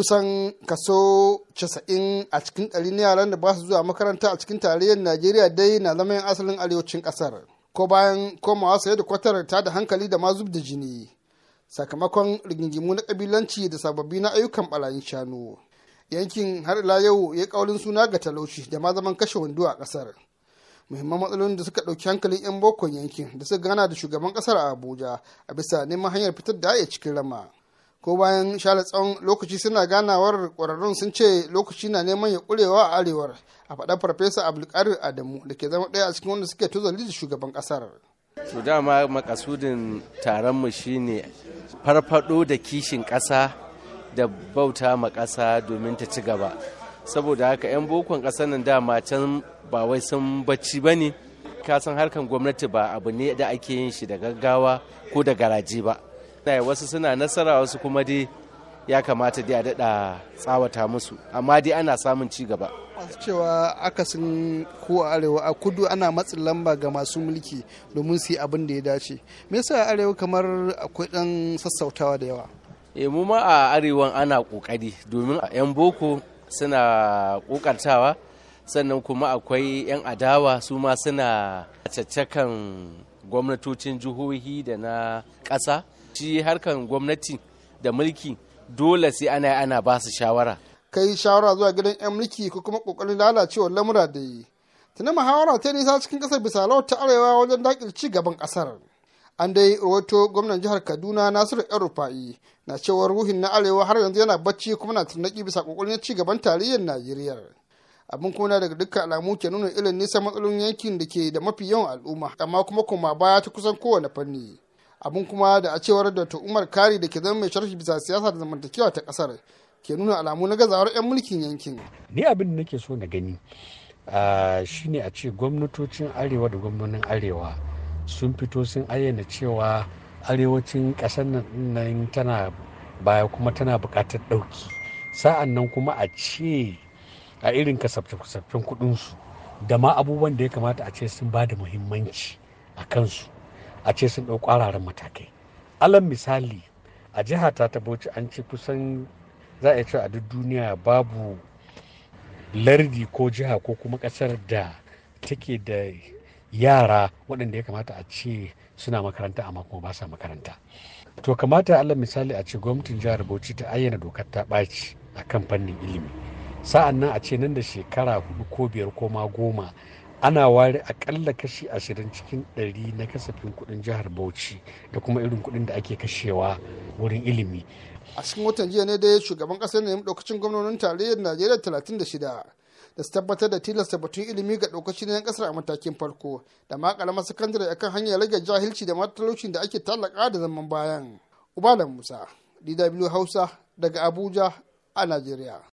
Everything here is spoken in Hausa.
kusan kaso 90 a cikin ɗari na yaran da ba su zuwa makaranta a cikin tarayyar najeriya dai na zama yan asalin arewacin kasar ko bayan komawa sai da kwatar ta da hankali da mazub da jini sakamakon rigingimu na kabilanci da sababbi na ayyukan ɓarayin shanu yankin har ila yau ya ƙaurin suna ga talauci da ma zaman kashe wando a kasar muhimman matsalolin da suka ɗauki hankalin 'yan bokon yankin da suka gana da shugaban ƙasar a abuja a bisa neman hanyar fitar da ya cikin rama ko bayan shala tsawon lokaci suna ganawar kwararrun sun ce lokaci na neman ya kurewa a arewar a faɗa farfesa abdulkadir adamu da ke zama ɗaya a cikin wanda suke tuzon da shugaban ƙasar. to dama makasudin taron mu shine farfaɗo da kishin ƙasa da bauta ma ƙasa domin ta ci gaba saboda haka 'yan bokon ƙasar nan dama can ba wai sun bacci ba ne kasan harkan gwamnati ba abu ne da ake yin shi da gaggawa ko da garaji ba wasu suna nasara wasu kuma dai ya kamata dai a daɗa tsawata musu amma dai ana samun ci gaba masu cewa akasin ko a arewa a kudu ana matsin lamba ga masu mulki domin su yi abin da ya dace me yasa a arewa kamar akwai ɗan sassautawa da yawa e mu ma a arewa ana kokari domin yan boko suna kokartawa sannan kuma akwai yan adawa su ma suna caccakan gwamnatocin jihohi da na ƙasa shi harkan gwamnati da mulki dole sai ana ana ba su shawara kai shawara zuwa gidan 'yan mulki ko kuma kokarin lalacewar lamura da yi tuni muhawara ta nisa cikin ƙasar bisa ta arewa wajen dakil ci gaban kasar an dai rawato gwamnan jihar kaduna nasiru yan rufa'i na cewar ruhin na arewa har yanzu yana bacci kuma na tunaki bisa kokarin ci gaban tarayyar najeriya abin kona daga dukkan alamu ke nuna irin nisan matsalolin yankin da ke da mafi yawan al'umma amma kuma kuma baya ta kusan kowane fanni abin kuma da a cewar da umar kari da ke zama mai sharhi bisa siyasa da zamantakewa ta kasar ke nuna alamu na gazawar 'yan mulkin yankin ni abin da nake so na gani shine a ce gwamnatocin arewa da gwamnonin arewa sun fito sun ayyana cewa arewacin ƙasar nan tana baya kuma tana buƙatar ɗauki sa'an nan kuma a ce a irin kasafin kudinsu da ma abubuwan da ya kamata a ce sun ba da muhimmanci a kansu a ce sun ɗau ƙwararren matakai alan misali a jiha ta ta bauchi an ce kusan za a ce a duk duniya babu lardi ko jiha ko kuma ƙasar da take da yara waɗanda ya kamata a ce suna makaranta amma kuma ba sa makaranta to kamata alan misali a ce gwamnatin jihar bauchi ta ayyana dokar ta ɓaci a kan fannin ilimi sa'an nan a ce nan da shekara hudu ko biyar ko ma goma ana ware akalla kashi ashirin cikin ɗari na kasafin kuɗin jihar bauchi da kuma irin kuɗin da ake kashewa wurin ilimi a cikin watan jiya ne dai shugaban kasar ne daukacin gwamnonin tarayyar najeriya talatin da shida da su tabbatar da tilasta batun ilimi ga ɗaukacin yan kasar a matakin farko da ma ƙaramar sakandare akan hanyar rage jahilci da matalaucin da ake tallaka da zaman bayan ubalan musa dw hausa daga abuja a najeriya